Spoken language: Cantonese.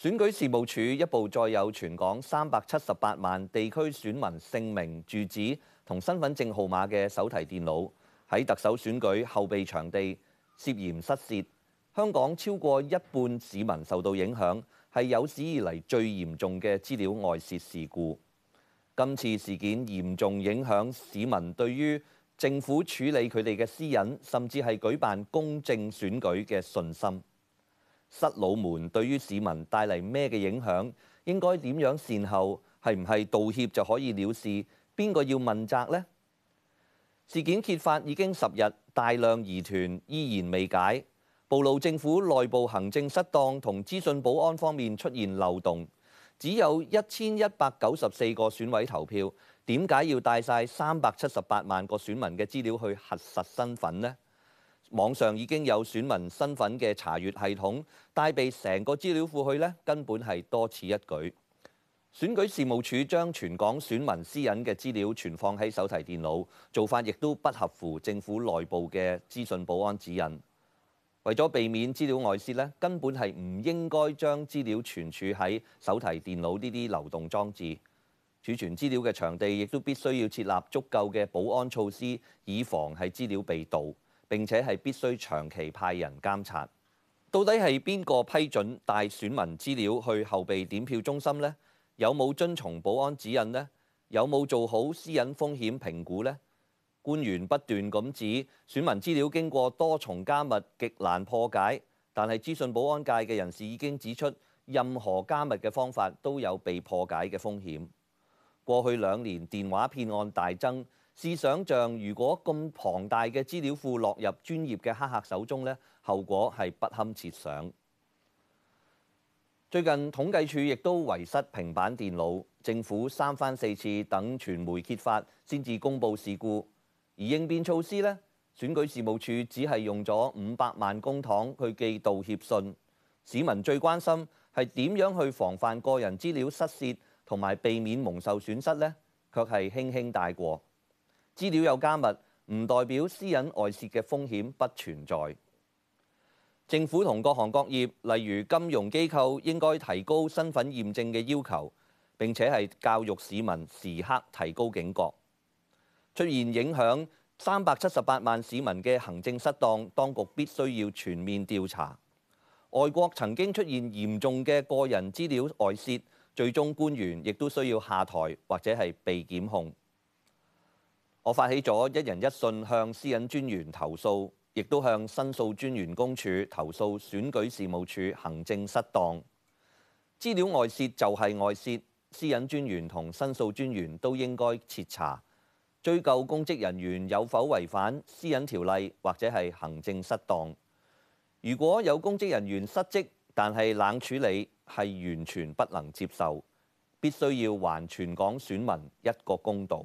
選舉事務處一部載有全港三百七十八萬地區選民姓名、住址同身份證號碼嘅手提電腦喺特首選舉後備場地涉嫌失竊，香港超過一半市民受到影響，係有史以嚟最嚴重嘅資料外洩事故。今次事件嚴重影響市民對於政府處理佢哋嘅私隱，甚至係舉辦公正選舉嘅信心。失老們對於市民帶嚟咩嘅影響？應該點樣善後？係唔係道歉就可以了事？邊個要問責呢？事件揭發已經十日，大量疑團依然未解，暴露政府內部行政失當同資訊保安方面出現漏洞。只有一千一百九十四個選委投票，點解要帶晒三百七十八萬個選民嘅資料去核實身份呢？網上已經有選民身份嘅查閱系統，帶備成個資料庫去呢，根本係多此一舉。選舉事務處將全港選民私隱嘅資料存放喺手提電腦，做法亦都不合乎政府內部嘅資訊保安指引。為咗避免資料外泄呢，根本係唔應該將資料存儲喺手提電腦呢啲流動裝置。儲存資料嘅場地亦都必須要設立足夠嘅保安措施，以防係資料被盜。並且係必須長期派人監察，到底係邊個批准帶選民資料去後備點票中心呢？有冇遵從保安指引呢？有冇做好私隱風險評估呢？官員不斷咁指選民資料經過多重加密極難破解，但係資訊保安界嘅人士已經指出，任何加密嘅方法都有被破解嘅風險。過去兩年電話騙案大增。試想像，如果咁龐大嘅資料庫落入專業嘅黑客手中呢，後果係不堪設想。最近統計處亦都遺失平板電腦，政府三番四次等傳媒揭發先至公佈事故，而應變措施呢，選舉事務處只係用咗五百萬公帑去寄道歉信。市民最關心係點樣去防範個人資料失竊同埋避免蒙受損失呢，卻係輕輕帶過。資料有加密，唔代表私隱外洩嘅風險不存在。政府同各行各業，例如金融機構，應該提高身份驗證嘅要求，並且係教育市民時刻提高警覺。出現影響三百七十八萬市民嘅行政失當，當局必須要全面調查。外國曾經出現嚴重嘅個人資料外洩，最終官員亦都需要下台或者係被檢控。我發起咗一人一信向私隱專員投訴，亦都向申訴專員公署投訴選舉事務處行政失當。資料外泄就係外泄，私隱專員同申訴專員都應該徹查追究公職人員有否違反私隱條例或者係行政失當。如果有公職人員失職，但係冷處理，係完全不能接受，必須要還全港選民一個公道。